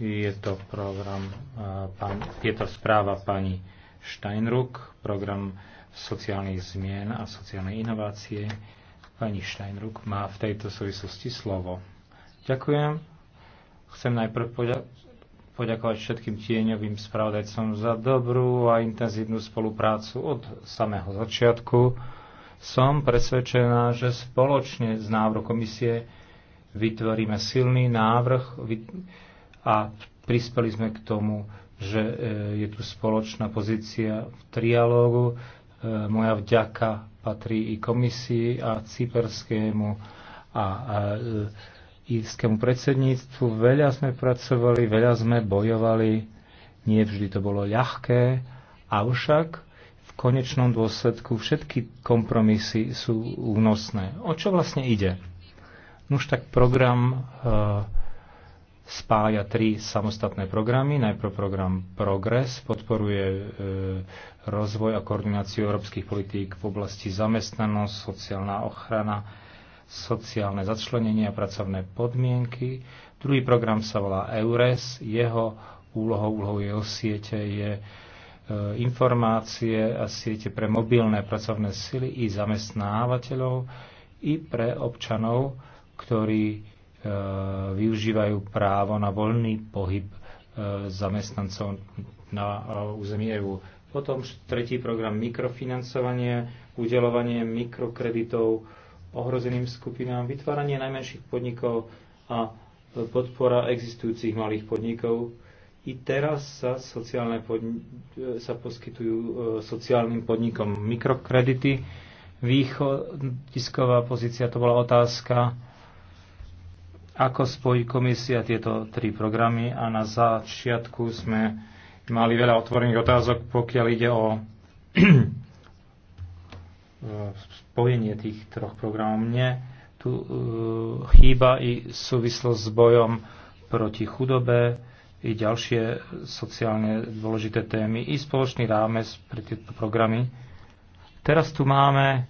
Je to program, pán, je to správa pani Steinruck, program sociálnych zmien a sociálnej inovácie. Pani Steinruck má v tejto súvislosti slovo. Ďakujem. Chcem najprv poďa- poďakovať všetkým tieňovým spravodajcom za dobrú a intenzívnu spoluprácu od samého začiatku. Som presvedčená, že spoločne s návrhom komisie vytvoríme silný návrh, a prispeli sme k tomu, že e, je tu spoločná pozícia v trialógu. E, moja vďaka patrí i komisii a cyperskému a e, írskému predsedníctvu. Veľa sme pracovali, veľa sme bojovali, nie vždy to bolo ľahké, avšak v konečnom dôsledku všetky kompromisy sú únosné. O čo vlastne ide? Nuž tak program spája tri samostatné programy. Najprv program Progress podporuje e, rozvoj a koordináciu európskych politík v oblasti zamestnanosť, sociálna ochrana, sociálne začlenenie a pracovné podmienky. Druhý program sa volá EURES. Jeho úlohou, úlohou jeho siete je e, informácie a siete pre mobilné pracovné sily i zamestnávateľov i pre občanov, ktorí E, využívajú právo na voľný pohyb e, zamestnancov na e, území EÚ. Potom tretí program mikrofinancovanie, udelovanie mikrokreditov ohrozeným skupinám, vytváranie najmenších podnikov a podpora existujúcich malých podnikov. I teraz sa, sociálne podni- sa poskytujú sociálnym podnikom mikrokredity. Východisková pozícia to bola otázka ako spojí komisia tieto tri programy a na začiatku sme mali veľa otvorených otázok, pokiaľ ide o spojenie tých troch programov. Mne tu uh, chýba i súvislosť s bojom proti chudobe, i ďalšie sociálne dôležité témy, i spoločný rámec pre tieto programy. Teraz tu máme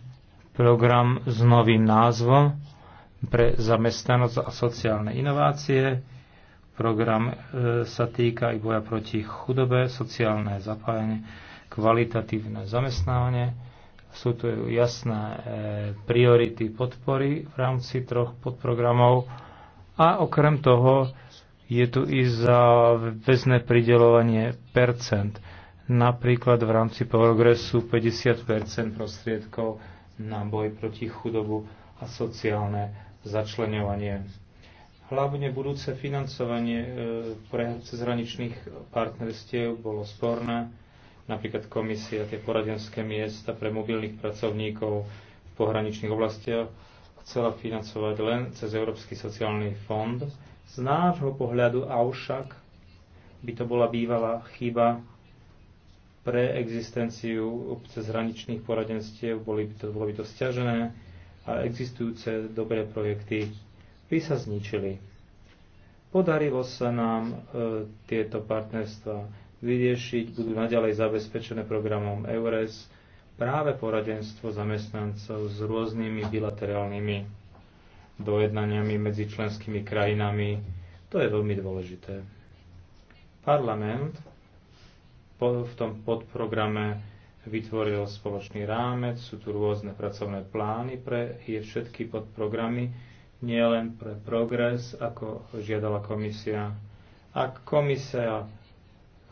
program s novým názvom pre zamestnanosť a sociálne inovácie. Program e, sa týka i boja proti chudobe, sociálne zapájanie, kvalitatívne zamestnávanie. Sú tu jasné e, priority podpory v rámci troch podprogramov a okrem toho je tu i za väzné pridelovanie percent. Napríklad v rámci progresu 50 prostriedkov na boj proti chudobu a sociálne začlenovanie. Hlavne budúce financovanie e, pre cezhraničných partnerstiev bolo sporné. Napríklad komisia, tie poradenské miesta pre mobilných pracovníkov v pohraničných oblastiach chcela financovať len cez Európsky sociálny fond. Z nášho pohľadu avšak by to bola bývalá chyba pre existenciu cezhraničných poradenstiev, boli by to, bolo by to stiažené, a existujúce dobré projekty by sa zničili. Podarilo sa nám e, tieto partnerstva vyriešiť, budú naďalej zabezpečené programom EURES práve poradenstvo zamestnancov s rôznymi bilaterálnymi dojednaniami medzi členskými krajinami. To je veľmi dôležité. Parlament po, v tom podprograme vytvoril spoločný rámec, sú tu rôzne pracovné plány pre je všetky podprogramy, nielen pre progres, ako žiadala komisia. Ak komisia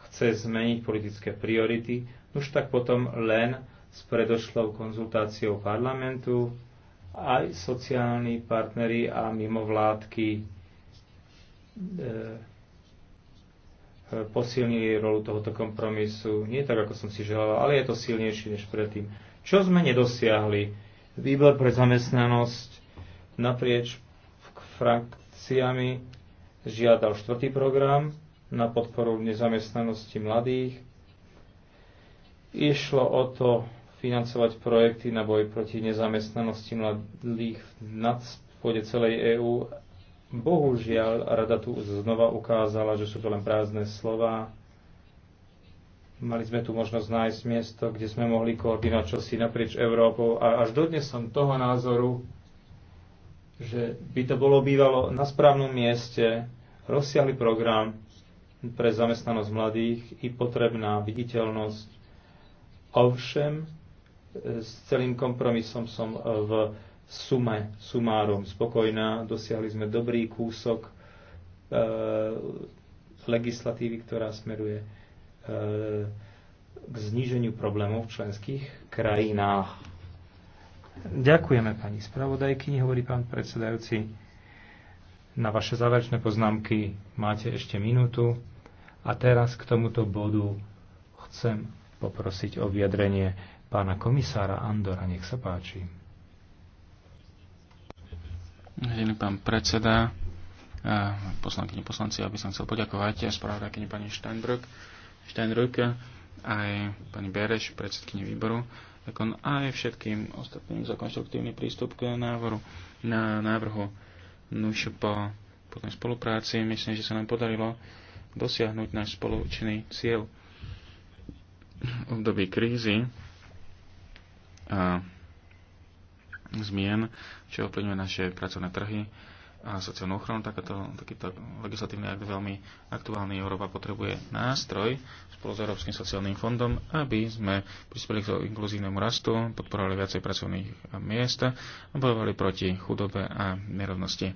chce zmeniť politické priority, už tak potom len s predošlou konzultáciou parlamentu aj sociálni partneri a mimovládky e, posilnili rolu tohoto kompromisu. Nie tak, ako som si želal, ale je to silnejšie než predtým. Čo sme nedosiahli? Výbor pre zamestnanosť naprieč frakciami žiadal štvrtý program na podporu nezamestnanosti mladých. Išlo o to financovať projekty na boj proti nezamestnanosti mladých na pôde celej EÚ Bohužiaľ, rada tu znova ukázala, že sú to len prázdne slova. Mali sme tu možnosť nájsť miesto, kde sme mohli koordinovať čosi naprieč Európou a až dodnes som toho názoru, že by to bolo bývalo na správnom mieste, rozsiahly program pre zamestnanosť mladých i potrebná viditeľnosť. Ovšem, e, s celým kompromisom som e, v sume, sumárom spokojná. Dosiahli sme dobrý kúsok e, legislatívy, ktorá smeruje e, k zníženiu problémov v členských krajinách. Ďakujeme pani spravodajky, hovorí pán predsedajúci. Na vaše záverečné poznámky máte ešte minútu. A teraz k tomuto bodu chcem poprosiť o vyjadrenie pána komisára Andora. Nech sa páči. Vážený pán predseda, poslankyne, poslanci, aby som chcel poďakovať spravodajkyni pani Steinbrück, Steinbrück aj pani Bereš, predsedkyni výboru, ako aj všetkým ostatným za konštruktívny prístup k návrhu, na návrhu nuž po, po spolupráci. Myslím, že sa nám podarilo dosiahnuť náš spoločný cieľ v období krízy a zmien, čo ovplyvňuje naše pracovné trhy a sociálnu ochranu. Takáto, takýto legislatívny akt veľmi aktuálny. Európa potrebuje nástroj spolu s Európskym sociálnym fondom, aby sme prispeli k inkluzívnemu rastu, podporovali viacej pracovných miest a bojovali proti chudobe a nerovnosti.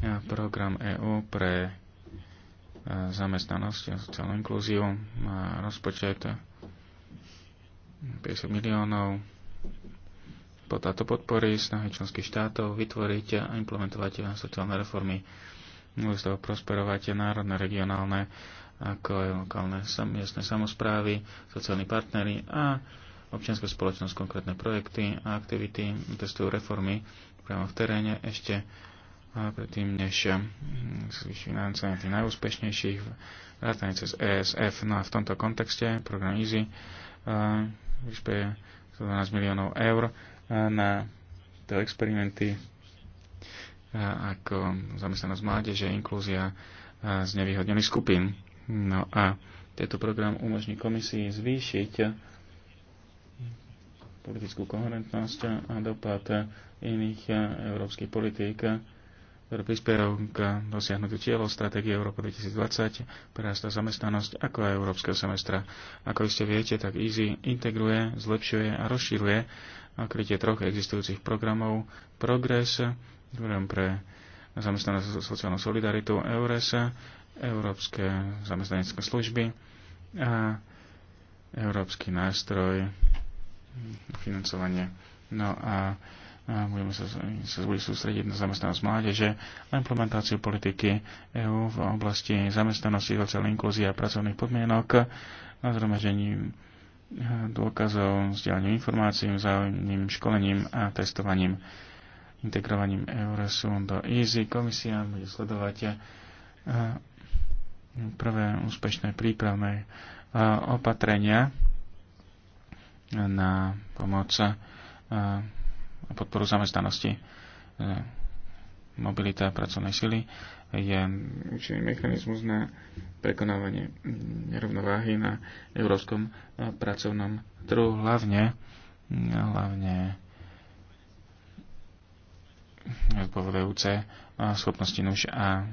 A program EÚ pre e, zamestnanosť a sociálnu inklúziu má rozpočet 50 miliónov táto podpory, snahy členských štátov vytvoriť a implementovať sociálne reformy. Môžu z toho prosperovať národné, regionálne, ako aj lokálne miestne samozprávy, sociálni partnery a občianská spoločnosť, konkrétne projekty a aktivity testujú reformy priamo v teréne ešte predtým, než hm, zvyšujú financovanie tých najúspešnejších, vrátane cez ESF. No a v tomto kontexte program EASY prispieje 12 miliónov eur na to experimenty ako zamestnanosť mládeže, inklúzia z nevýhodnených skupín. No a tento program umožní komisii zvýšiť politickú koherentnosť a dopad iných európskych politík ktorý k dosiahnutiu cieľov stratégie Európa 2020, prerasta zamestnanosť ako aj európskeho semestra. Ako iste viete, tak EASY integruje, zlepšuje a rozšíruje krytie troch existujúcich programov Progress, program pre zamestnanosť a sociálnu solidaritu EURES, Európske zamestnanecké služby a Európsky nástroj financovanie. No a budeme sa, sa bude sústrediť na zamestnanosť mládeže a implementáciu politiky EÚ v oblasti zamestnanosti, sociálnej inklúzie a pracovných podmienok na zhromaždení e, dôkazov, vzdelaním informácií, vzájomným školením a testovaním, integrovaním Euresu do EASY. Komisia bude sledovať e, prvé úspešné prípravné e, opatrenia na pomoc podporu zamestnanosti. E, mobilita pracovnej sily je účinný mechanizmus na prekonávanie mm, nerovnováhy na európskom e, pracovnom trhu, hlavne, hlavne povedajúce e, schopnosti nuž a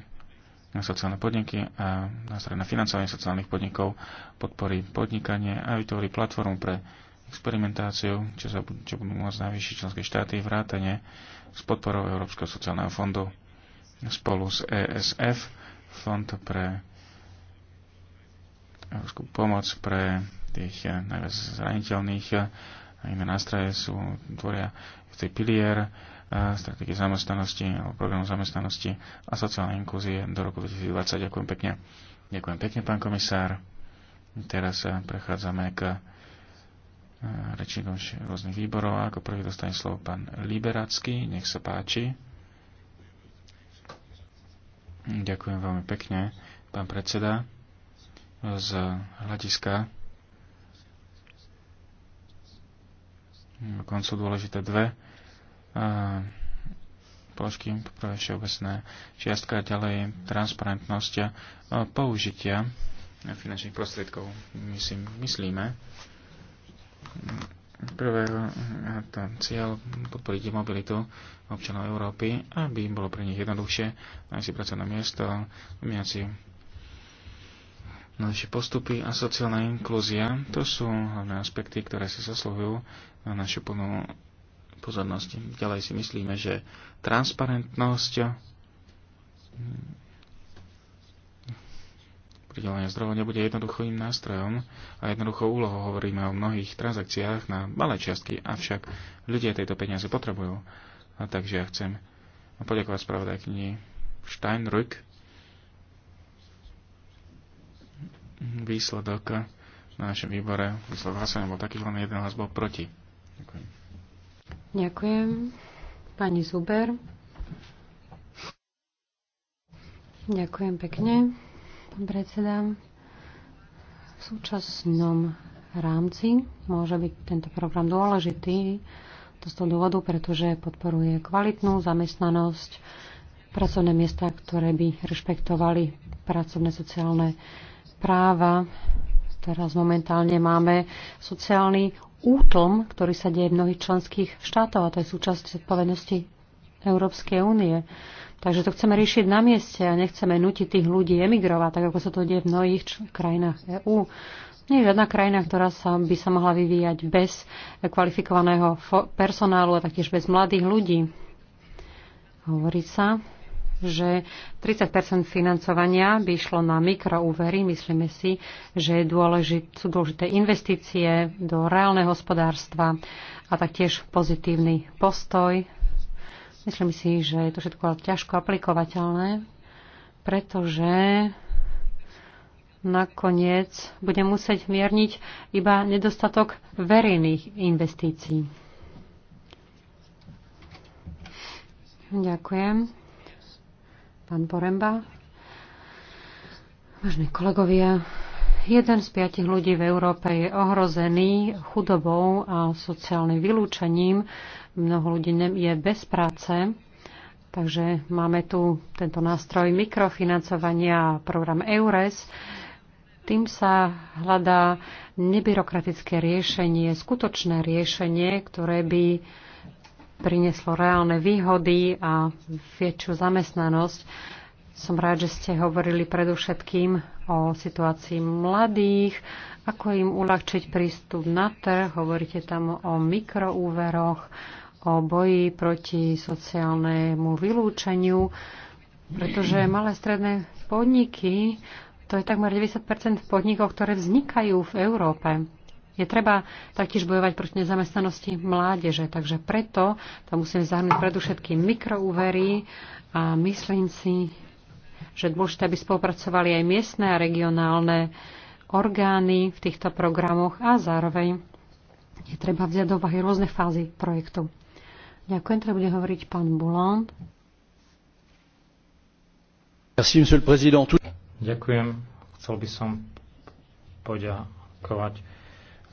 sociálne podniky a nástroje na financovanie sociálnych podnikov podporí podnikanie a vytvorí platformu pre experimentáciou, čo, sa, čo budú môcť navýšiť členské štáty vrátane s podporou Európskeho sociálneho fondu spolu s ESF, fond pre európsku pomoc pre tých eh, najviac zraniteľných eh, a iné nástroje sú, tvoria v tej pilier eh, stratégie zamestnanosti alebo programu zamestnanosti a sociálnej inklúzie do roku 2020. Ďakujem pekne. Ďakujem pekne, pán komisár. Teraz prechádzame k rečníkom rôznych výborov. A ako prvý dostane slovo pán Liberacký. Nech sa páči. Ďakujem veľmi pekne, pán predseda. Z hľadiska koncu dôležité dve položky, poprvé všeobecné čiastka, ďalej transparentnosť a použitia finančných prostriedkov. My si myslíme, prvého ten cieľ podporiť mobilitu občanov Európy, aby im bolo pre nich jednoduchšie nájsť si pracovné miesto, vymieňať si najlepšie postupy a sociálna inklúzia. To sú hlavné aspekty, ktoré si zasluhujú na našu plnú pozornosť. Ďalej si myslíme, že transparentnosť rozpridovania zdrojov nebude jednoduchým nástrojom a jednoduchou úlohou. Hovoríme o mnohých transakciách na malé čiastky, avšak ľudia tejto peniaze potrebujú. A takže ja chcem poďakovať spravodajkyni Steinrück. Výsledok na našom výbore, výsledok hlasovania bol taký, že len jeden hlas bol proti. Ďakujem. Ďakujem. Pani Zuber. Ďakujem pekne predseda. V súčasnom rámci môže byť tento program dôležitý to z toho dôvodu, pretože podporuje kvalitnú zamestnanosť, pracovné miesta, ktoré by rešpektovali pracovné sociálne práva. Teraz momentálne máme sociálny útlm, ktorý sa deje v mnohých členských štátov, a to je súčasť zodpovednosti Európskej únie. Takže to chceme riešiť na mieste a nechceme nutiť tých ľudí emigrovať, tak ako sa to deje v mnohých krajinách EÚ. Nie je žiadna krajina, ktorá sa by sa mohla vyvíjať bez kvalifikovaného personálu a taktiež bez mladých ľudí. Hovorí sa, že 30 financovania by išlo na mikroúvery. Myslíme si, že je dôležit, sú dôležité investície do reálneho hospodárstva a taktiež pozitívny postoj Myslím si, že je to všetko ťažko aplikovateľné, pretože nakoniec bude musieť mierniť iba nedostatok verejných investícií. Ďakujem. Pán Poremba. Vážne kolegovia, jeden z piatich ľudí v Európe je ohrozený chudobou a sociálnym vylúčením. Mnoho ľudí je bez práce. Takže máme tu tento nástroj mikrofinancovania a program EURES. Tým sa hľadá nebyrokratické riešenie, skutočné riešenie, ktoré by prinieslo reálne výhody a väčšiu zamestnanosť. Som rád, že ste hovorili predovšetkým o situácii mladých, ako im uľahčiť prístup na trh, hovoríte tam o mikroúveroch, o boji proti sociálnemu vylúčeniu, pretože malé stredné podniky, to je takmer 90 podnikov, ktoré vznikajú v Európe. Je treba taktiež bojovať proti nezamestnanosti mládeže, takže preto tam musíme zahrnúť predovšetkým mikroúvery a myslím si, že dôležité, aby spolupracovali aj miestne a regionálne orgány v týchto programoch a zároveň je treba vziať do úvahy rôzne fázy projektu. Ďakujem, teda bude hovoriť pán Bulon. Ďakujem. Chcel by som poďakovať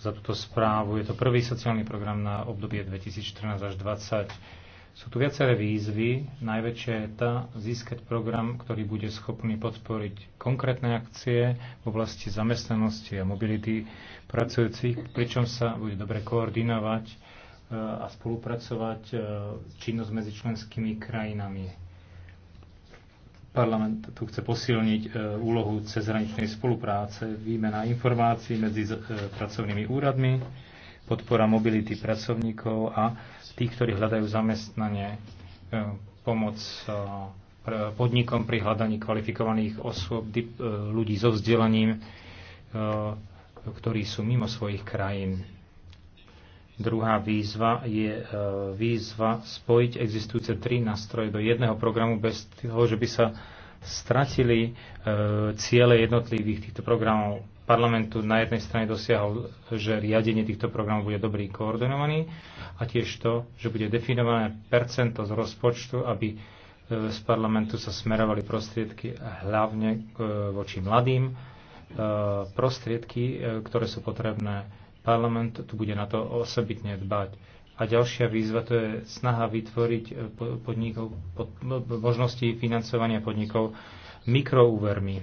za túto správu. Je to prvý sociálny program na obdobie 2014 až 2020 sú tu viaceré výzvy. Najväčšia je tá získať program, ktorý bude schopný podporiť konkrétne akcie v oblasti zamestnanosti a mobility pracujúcich, pričom sa bude dobre koordinovať e, a spolupracovať e, činnosť medzi členskými krajinami. Parlament tu chce posilniť e, úlohu cezhraničnej spolupráce, výmena informácií medzi pracovnými úradmi, podpora mobility pracovníkov a tí, ktorí hľadajú zamestnanie, e, pomoc e, podnikom pri hľadaní kvalifikovaných osôb, e, ľudí so vzdelaním, ktorí sú mimo svojich krajín. Druhá výzva je výzva spojiť existujúce tri nástroje do jedného programu bez toho, že by sa stratili e, ciele jednotlivých týchto programov. Parlamentu na jednej strane dosiahol, že riadenie týchto programov bude dobrý koordinovaný a tiež to, že bude definované percento z rozpočtu, aby e, z parlamentu sa smerovali prostriedky hlavne e, voči mladým, e, prostriedky, e, ktoré sú potrebné parlament tu bude na to osobitne dbať. A ďalšia výzva to je snaha vytvoriť eh, podnikov, pod, no, možnosti financovania podnikov mikroúvermi.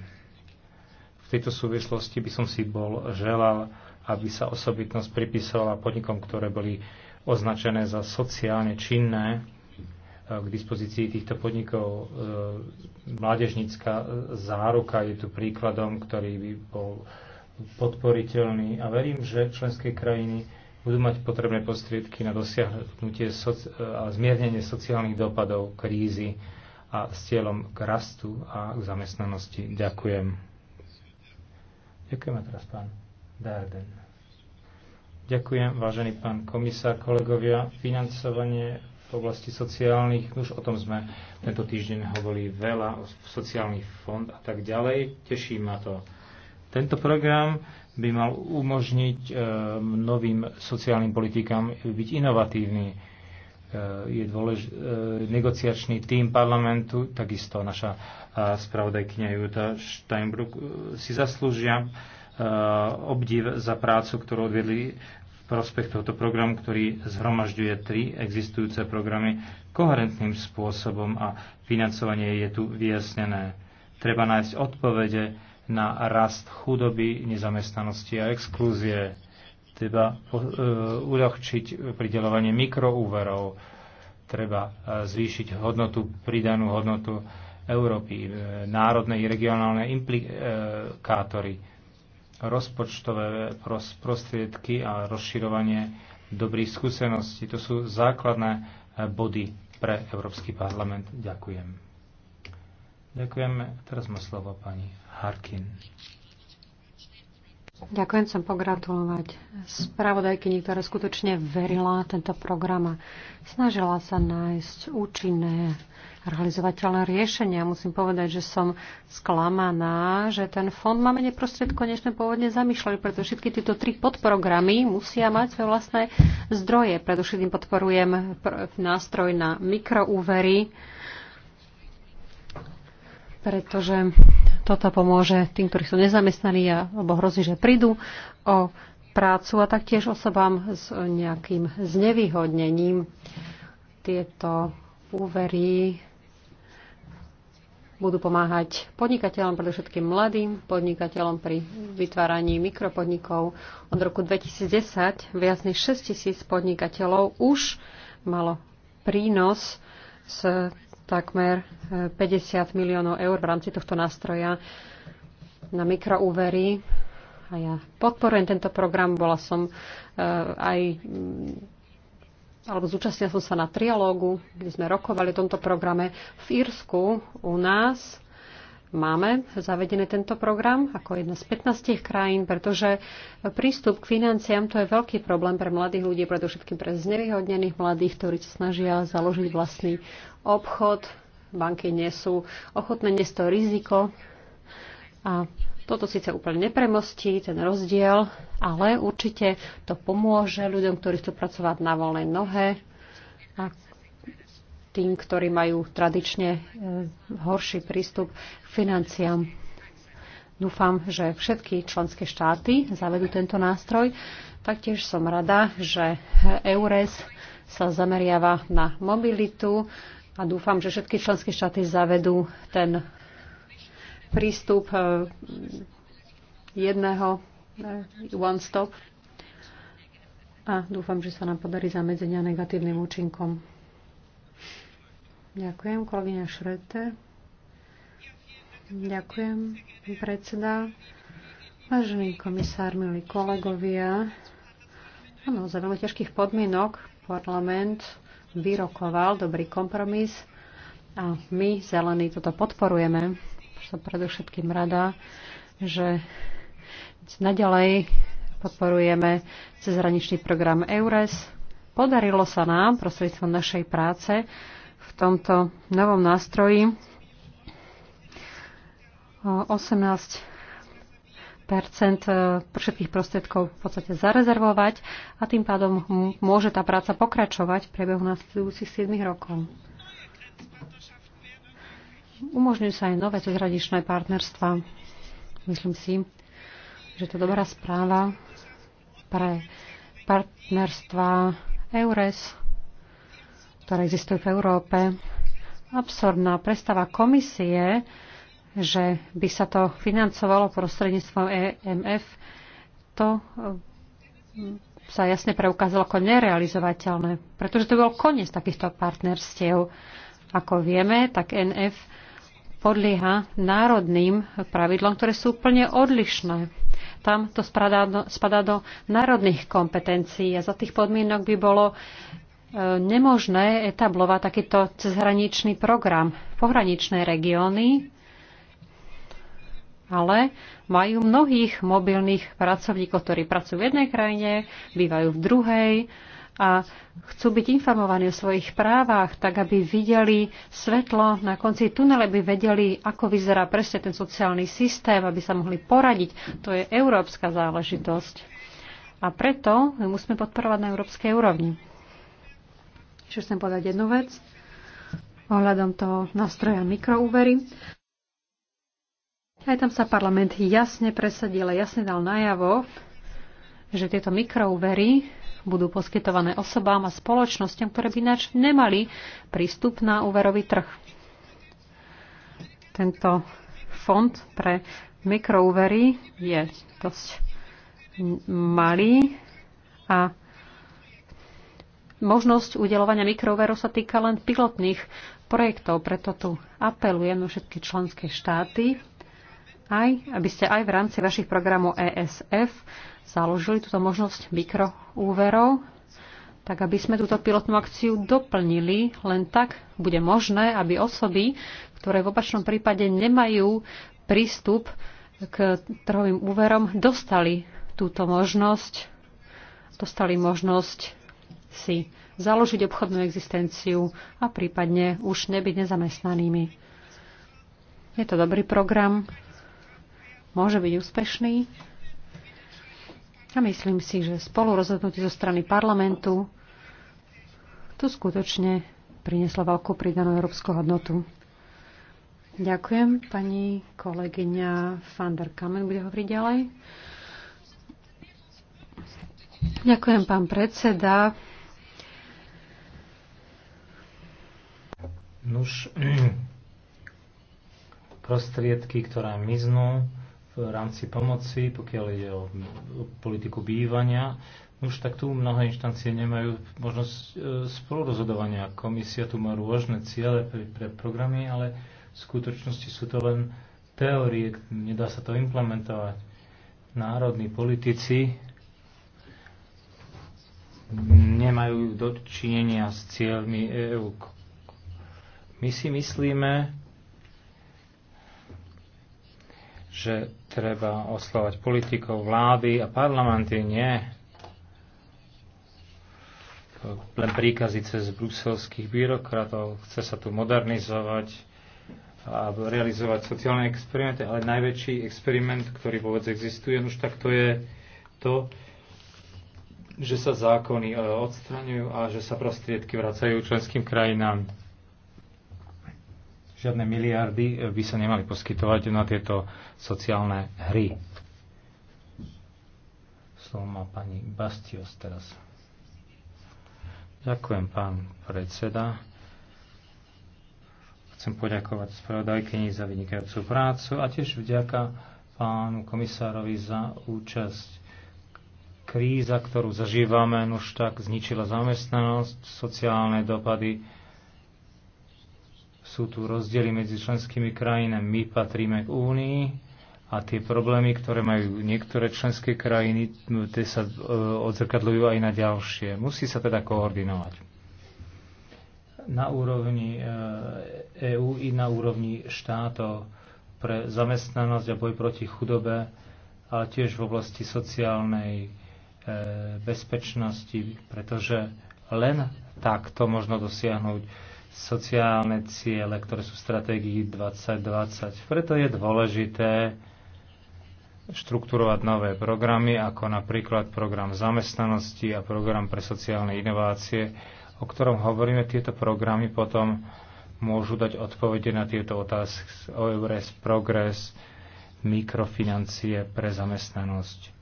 V tejto súvislosti by som si bol želal, aby sa osobitnosť pripísala podnikom, ktoré boli označené za sociálne činné eh, k dispozícii týchto podnikov. Eh, mládežnícka záruka je tu príkladom, ktorý by bol podporiteľný a verím, že členské krajiny budú mať potrebné prostriedky na dosiahnutie a zmiernenie sociálnych dopadov krízy a s cieľom k rastu a k zamestnanosti. Ďakujem. Ďakujem a teraz pán Darden. Ďakujem, vážený pán komisár, kolegovia. Financovanie v oblasti sociálnych, už o tom sme tento týždeň hovorili veľa, o sociálnych fond a tak ďalej. Teší ma to. Tento program by mal umožniť e, novým sociálnym politikám byť inovatívny. E, je dôlež, e, negociačný tým parlamentu, takisto naša spravodajkynia Juta Steinbrück si zaslúžia obdiv za prácu, ktorú odvedli v prospech tohto programu, ktorý zhromažďuje tri existujúce programy koherentným spôsobom a financovanie je tu vyjasnené. Treba nájsť odpovede, na rast chudoby, nezamestnanosti a exklúzie, treba e, uľahčiť pridelovanie mikroúverov, treba e, zvýšiť hodnotu, pridanú hodnotu Európy, e, národné i regionálne implikátory, rozpočtové prostriedky a rozširovanie dobrých skúseností. To sú základné body pre Európsky parlament. Ďakujem. Ďakujeme. Teraz má slovo pani Harkin. Ďakujem, chcem pogratulovať spravodajkyni, ktorá skutočne verila tento program a snažila sa nájsť účinné realizovateľné riešenia. Musím povedať, že som sklamaná, že ten fond máme neprostred konečne pôvodne zamýšľali, pretože všetky tieto tri podprogramy musia mať svoje vlastné zdroje. Predovšetkým podporujem nástroj na mikroúvery, pretože toto pomôže tým, ktorí sú nezamestnaní alebo hrozí, že prídu o prácu a taktiež osobám s nejakým znevýhodnením. Tieto úvery budú pomáhať podnikateľom, predovšetkým mladým podnikateľom pri vytváraní mikropodnikov. Od roku 2010 viac než 6 tisíc podnikateľov už malo prínos z takmer 50 e, miliónov eur v rámci tohto nástroja na mikroúvery. A ja podporujem tento program. Bola som e, aj mm, alebo zúčastnila som sa na trialógu, kde sme rokovali o tomto programe v Írsku u nás máme zavedený tento program ako jedna z 15 krajín, pretože prístup k financiám to je veľký problém pre mladých ľudí, predovšetkým pre znevýhodnených mladých, ktorí sa snažia založiť vlastný obchod. Banky nie sú ochotné nesť to riziko. A toto síce úplne nepremostí ten rozdiel, ale určite to pomôže ľuďom, ktorí chcú pracovať na voľnej nohe a tým, ktorí majú tradične e, horší prístup k financiám. Dúfam, že všetky členské štáty zavedú tento nástroj. Taktiež som rada, že EURES sa zameriava na mobilitu a dúfam, že všetky členské štáty zavedú ten prístup e, jedného e, one stop a dúfam, že sa nám podarí zamedzenia negatívnym účinkom. Ďakujem, kolegyňa Šrete. Ďakujem, predseda. Vážený komisár, milí kolegovia, áno, za veľmi ťažkých podmienok parlament vyrokoval dobrý kompromis a my, zelení, toto podporujeme. Som predovšetkým rada, že naďalej podporujeme cezhraničný program EURES. Podarilo sa nám prostredstvom našej práce v tomto novom nástroji 18 percent eh, všetkých prostriedkov v podstate zarezervovať a tým pádom môže tá práca pokračovať v priebehu nasledujúcich 7 rokov. Umožňujú sa aj nové cezhradičné partnerstva. Myslím si, že to dobrá správa pre partnerstva EURES ktoré existujú v Európe. Absurdná predstava komisie, že by sa to financovalo prostredníctvom EMF, to eh, sa jasne preukázalo ako nerealizovateľné, pretože to bol koniec takýchto partnerstiev. Ako vieme, tak e NF podlieha národným pravidlom, ktoré sú úplne odlišné. Tam to spadá do, spadá do národných kompetencií a za tých podmienok by bolo nemožné etablovať takýto cezhraničný program. Pohraničné regióny ale majú mnohých mobilných pracovníkov, ktorí pracujú v jednej krajine, bývajú v druhej a chcú byť informovaní o svojich právach, tak aby videli svetlo na konci tunele, aby vedeli, ako vyzerá presne ten sociálny systém, aby sa mohli poradiť. To je európska záležitosť. A preto musíme podporovať na európskej úrovni. Ešte chcem povedať jednu vec ohľadom toho nástroja mikroúvery. Aj tam sa parlament jasne presadil a jasne dal najavo, že tieto mikroúvery budú poskytované osobám a spoločnosťam, ktoré by ináč nemali prístup na úverový trh. Tento fond pre mikroúvery je dosť malý a možnosť udelovania mikroveru sa týka len pilotných projektov, preto tu apelujem na všetky členské štáty, aj, aby ste aj v rámci vašich programov ESF založili túto možnosť mikroúverov, tak aby sme túto pilotnú akciu doplnili. Len tak bude možné, aby osoby, ktoré v opačnom prípade nemajú prístup k trhovým úverom, dostali túto možnosť, dostali možnosť si založiť obchodnú existenciu a prípadne už nebyť nezamestnanými. Je to dobrý program, môže byť úspešný a myslím si, že spolu rozhodnutie zo strany parlamentu tu skutočne prinieslo veľkú pridanú európsku hodnotu. Ďakujem. Pani kolegyňa van der Kamen bude hovoriť ďalej. Ďakujem, pán predseda. Nuž, prostriedky, ktoré miznú v rámci pomoci, pokiaľ ide o politiku bývania, už tak tu mnohé inštancie nemajú možnosť e, spolurozhodovania. Komisia tu má rôzne ciele pre, pre programy, ale v skutočnosti sú to len teórie, nedá sa to implementovať. Národní politici nemajú dočinenia s cieľmi EÚ. My si myslíme, že treba oslovať politikov, vlády a parlamenty. Nie. Len príkazy cez bruselských byrokratov. Chce sa tu modernizovať a realizovať sociálne experimenty, ale najväčší experiment, ktorý vôbec existuje, no už tak to je to, že sa zákony eh, odstraňujú a že sa prostriedky vracajú členským krajinám. Žiadne miliardy eh, by sa nemali poskytovať na tieto sociálne hry. Slovo má pani Bastios teraz. Ďakujem, pán predseda. Chcem poďakovať spravodajkyni za vynikajúcu prácu a tiež vďaka pánu komisárovi za účasť. Kríza, ktorú zažívame, už tak zničila zamestnanosť, sociálne dopady, sú tu rozdiely medzi členskými krajinami. My patríme k Únii a tie problémy, ktoré majú niektoré členské krajiny, no, tie sa e, odzrkadľujú aj na ďalšie. Musí sa teda koordinovať na úrovni EÚ e i na úrovni štátov pre zamestnanosť a boj proti chudobe, ale tiež v oblasti sociálnej e, bezpečnosti, pretože len takto možno dosiahnuť sociálne ciele, ktoré sú v stratégii 2020. Preto je dôležité štrukturovať nové programy, ako napríklad program zamestnanosti a program pre sociálne inovácie, o ktorom hovoríme, tieto programy potom môžu dať odpovede na tieto otázky o EURES, progres, mikrofinancie pre zamestnanosť.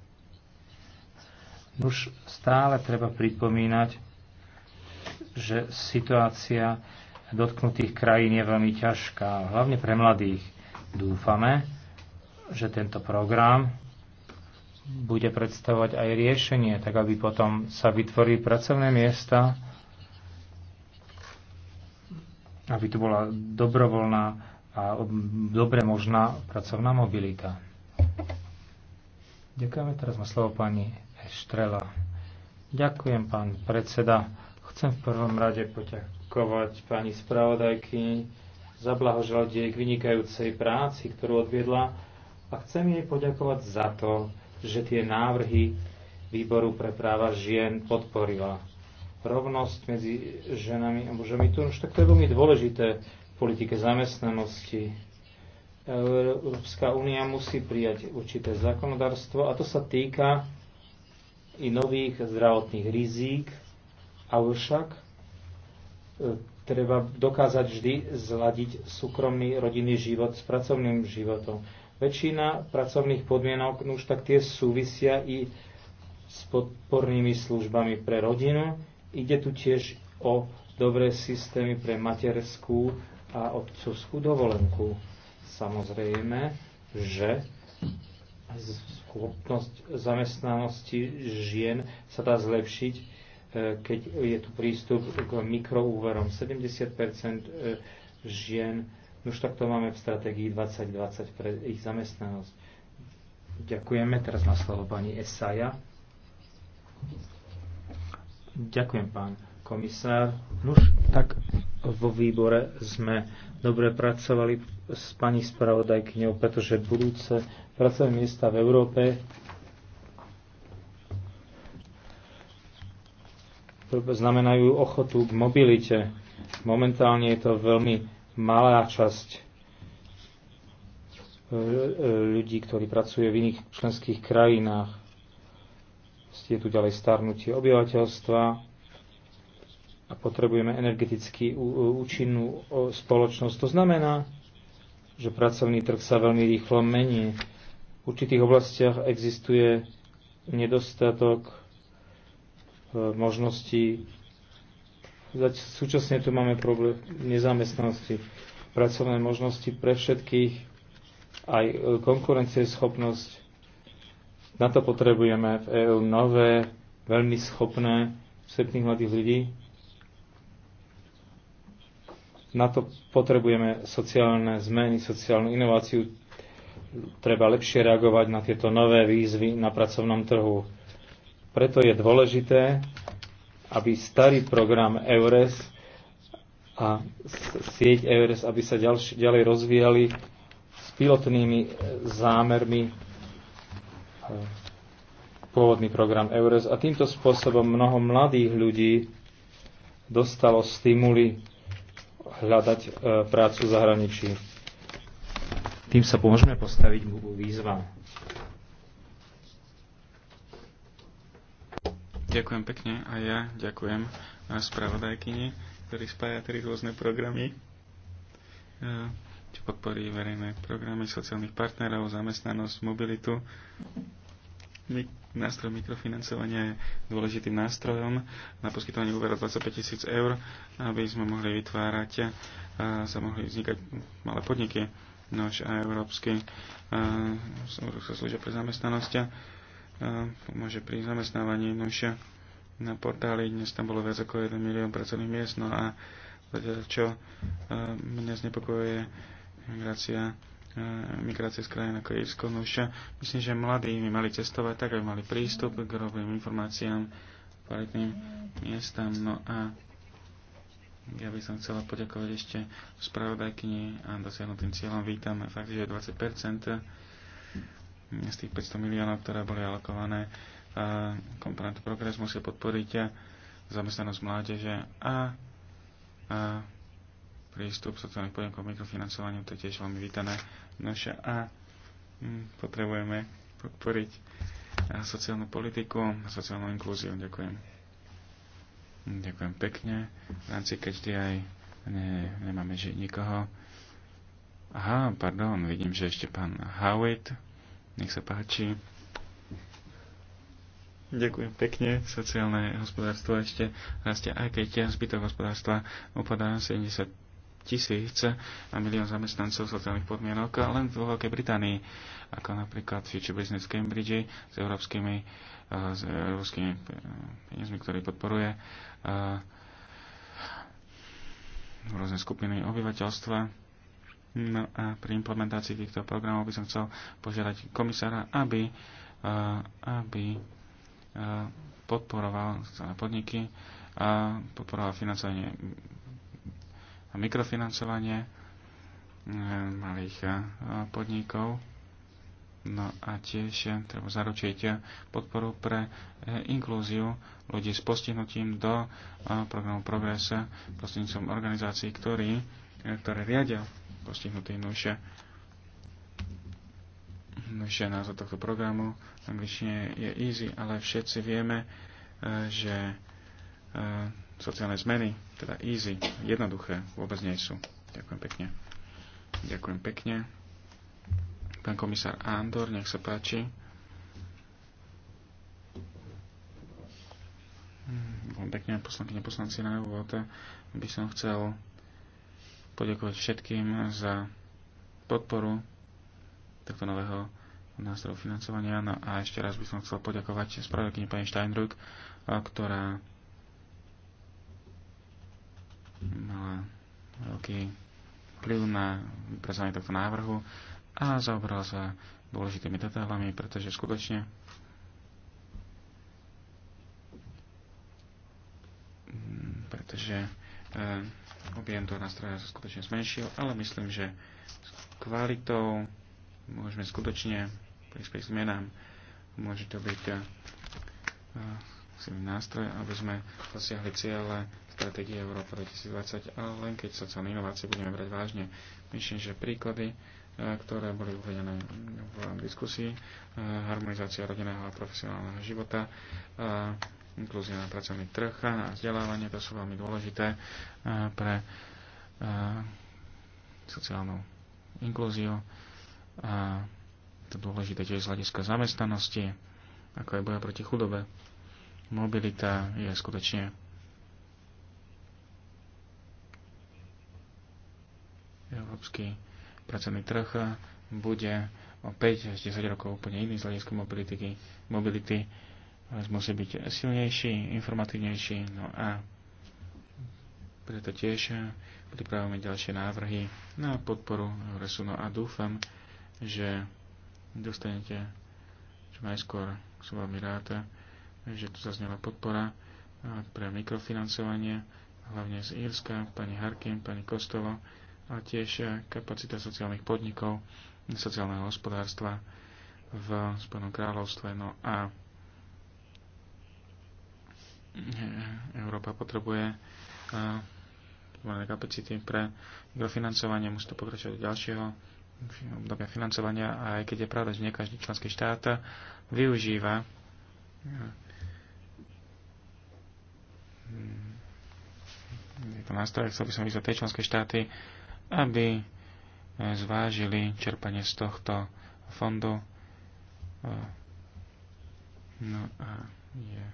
Už stále treba pripomínať, že situácia dotknutých krajín je veľmi ťažká, hlavne pre mladých. Dúfame, že tento program bude predstavovať aj riešenie, tak aby potom sa vytvorili pracovné miesta, aby tu bola dobrovoľná a dobre možná pracovná mobilita. Ďakujeme, teraz má slovo pani Štrela. Ďakujem, pán predseda. Chcem v prvom rade poďakovať poďakovať pani spravodajky, za jej k vynikajúcej práci, ktorú odviedla a chcem jej poďakovať za to, že tie návrhy výboru pre práva žien podporila. Rovnosť medzi ženami a mužami, to, už takto je veľmi dôležité v politike zamestnanosti. Európska únia musí prijať určité zákonodárstvo a to sa týka i nových zdravotných rizík, avšak treba dokázať vždy zladiť súkromný rodinný život s pracovným životom. Väčšina pracovných podmienok no už tak tie súvisia i s podpornými službami pre rodinu. Ide tu tiež o dobré systémy pre materskú a otcovskú dovolenku. Samozrejme, že schopnosť zamestnanosti žien sa dá zlepšiť E, keď je tu prístup k mikroúverom 70 e, žien. No už takto máme v stratégii 2020 pre ich zamestnanosť. Ďakujeme. Teraz má slovo pani Esaja. Ďakujem, pán komisár. Nuž, tak vo výbore sme dobre pracovali s pani spravodajkyňou, pretože budúce pracovné miesta v Európe znamenajú ochotu k mobilite. Momentálne je to veľmi malá časť e, e, ľudí, ktorí pracuje v iných členských krajinách. Je tu ďalej starnutie obyvateľstva a potrebujeme energeticky účinnú spoločnosť. To znamená, že pracovný trh sa veľmi rýchlo mení. V určitých oblastiach existuje nedostatok E, možností. Súčasne tu máme problém nezamestnanosti, pracovné možnosti pre všetkých, aj e, konkurencieschopnosť. Na to potrebujeme v EU nové, veľmi schopné, schopných mladých ľudí. Na to potrebujeme sociálne zmeny, sociálnu inováciu. Treba lepšie reagovať na tieto nové výzvy na pracovnom trhu preto je dôležité, aby starý program EURES a sieť EURES, aby sa ďalš, ďalej rozvíjali s pilotnými e, zámermi e, pôvodný program EURES a týmto spôsobom mnoho mladých ľudí dostalo stimuly hľadať e, prácu v zahraničí. Tým sa môžeme postaviť výzva. Ďakujem pekne a ja ďakujem eh, spravodajkyni, ktorý spája tri rôzne programy, eh, čo podporí verejné programy sociálnych partnerov, zamestnanosť, mobilitu. Nástroj mikrofinancovania je dôležitým nástrojom na poskytovanie úvera 25 tisíc eur, aby sme mohli vytvárať a eh, sa mohli vznikať malé podniky, nož a európsky, a, služba pre zamestnanosť pomôže pri zamestnávaní jednoduchšia na portáli. Dnes tam bolo viac ako 1 milión pracovných miest. No a čo e, mňa znepokojuje migrácia, e, migrácia z krajín ako Irsko, nušia. Myslím, že mladí by mali cestovať tak, aby mali prístup k rovným informáciám, kvalitným miestam. No a ja by som chcela poďakovať ešte spravodajkyni a dosiahnutým cieľom vítame fakt, že 20 z tých 500 miliónov, ktoré boli alokované komponent progres musí podporiť zamestnanosť mládeže a, a prístup sociálnych podnikov k mikrofinancovaniu, to je tiež veľmi vítané. Nože a m, hm, potrebujeme podporiť sociálnu politiku a sociálnu inklúziu. Ďakujem. Ďakujem pekne. V rámci každý aj ne, nemáme že nikoho. Aha, pardon, vidím, že ešte pán Howitt. Nech sa páči. Ďakujem pekne. Sociálne hospodárstvo ešte rastie, aj keď zbytok hospodárstva upadá 70 tisíc a milión zamestnancov sociálnych podmienok len vo Veľkej Británii, ako napríklad Future Business Cambridge s európskymi, eh, s európskymi peniazmi, ktorý podporuje eh, rôzne skupiny obyvateľstva No a pri implementácii týchto programov by som chcel požiadať komisára, aby, e, aby e, podporoval podniky, a podporoval financovanie a mikrofinancovanie e, malých podnikov. No a tiež treba zaručiť podporu pre inklúziu ľudí s postihnutím do programu Progresa prostredníctvom organizácií, ktorí, ktoré riadia postihnutý Nože, nože názov tohto programu v angličtine je easy, ale všetci vieme, eh, že eh, sociálne zmeny, teda easy, jednoduché, vôbec nie sú. Ďakujem pekne. Ďakujem pekne. Pán komisár Andor, nech sa páči. Hm, veľmi pekne, poslankyne, poslanci na úvod by som chcel poďakovať všetkým za podporu takto nového nástrojov financovania. No a ešte raz by som chcel poďakovať spravodajkyni pani Steinruck, ktorá mala veľký vplyv na vypracovanie tohto návrhu a zaoberala sa dôležitými detailami, pretože skutočne pretože Eh, objem toho nástroja sa skutočne zmenšil, ale myslím, že s kvalitou môžeme skutočne prispieť zmenám. Môže to byť eh, silný nástroj, aby sme dosiahli cieľe stratégie Európa 2020, ale len keď sociálne inovácie budeme brať vážne. Myslím, že príklady, eh, ktoré boli uvedené v diskusii, harmonizácia rodinného a profesionálneho života, inklúzia na pracovný trh a vzdelávanie, to sú veľmi dôležité eh, pre eh, sociálnu inklúziu a to dôležité tiež z hľadiska zamestnanosti, ako aj boja proti chudobe. Mobilita je skutočne európsky pracovný trh bude o 5 až 10 rokov úplne iný z hľadiska mobility, mobility musí byť silnejší, informatívnejší. No a preto tiež pripravujeme ďalšie návrhy na podporu No a dúfam, že dostanete čo najskôr. Som veľmi rád, že tu zaznela podpora pre mikrofinancovanie, hlavne z Írska, pani Harkin, pani Kostolo, a tiež kapacita sociálnych podnikov, sociálneho hospodárstva v Spojenom kráľovstve. No a Európa potrebuje eh, kapacity pre financovanie, musí to pokračovať do ďalšieho obdobia financovania a aj keď je pravda, že nie každý členský štát využíva tieto eh, nástroje, chcel by som vyzvať tie členské štáty, aby eh, zvážili čerpanie z tohto fondu. No a je. Yeah.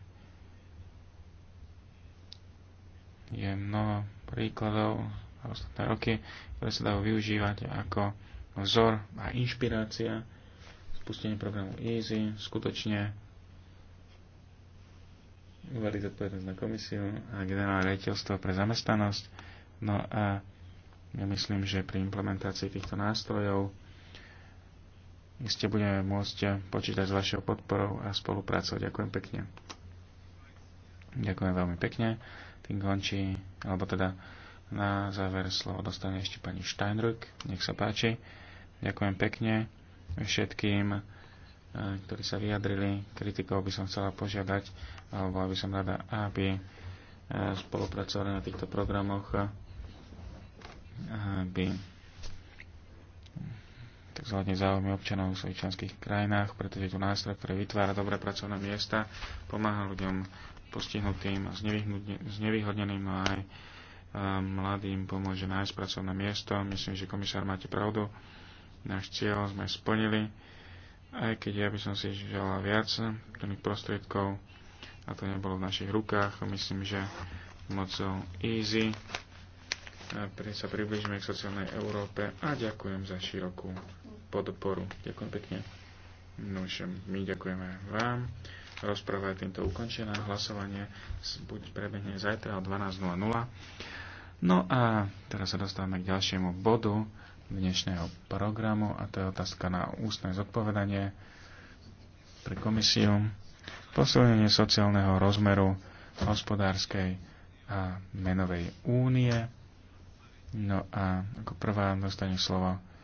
je mnoho príkladov a ostatné roky, ktoré sa dajú využívať ako vzor a inšpirácia. Spustenie programu EASY skutočne uvali zodpovednosť na komisiu a generálne rejiteľstvo pre zamestnanosť. No a ja myslím, že pri implementácii týchto nástrojov iste budeme môcť počítať s vašou podporou a spoluprácou. Ďakujem pekne. Ďakujem veľmi pekne. Tým končí, alebo teda na záver slovo dostane ešte pani Steinrück. Nech sa páči. Ďakujem pekne všetkým, e, ktorí sa vyjadrili. Kritikov by som chcela požiadať, alebo aby som rada, aby e, spolupracovali na týchto programoch, e, aby tak zvládne záujmy občanov v svojich členských krajinách, pretože je tu nástroj, ktorý vytvára dobré pracovné miesta, pomáha ľuďom postihnutým a znevýhodneným, a aj mladým pomôže nájsť pracovné miesto. Myslím, že komisár máte pravdu. Náš cieľ sme splnili, aj keď ja by som si želal viac tých prostriedkov a to nebolo v našich rukách. Myslím, že mocou easy sa približíme k sociálnej Európe a ďakujem za širokú podporu. Ďakujem pekne. No my ďakujeme vám. Rozprava je týmto ukončená. Hlasovanie buď prebehne zajtra o 12.00. No a teraz sa dostávame k ďalšiemu bodu dnešného programu a to je otázka na ústne zodpovedanie pre komisiu. Posilnenie sociálneho rozmeru hospodárskej a menovej únie. No a ako prvá dostane slovo